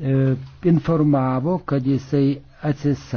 E, informavo, kad jisai atsisakė.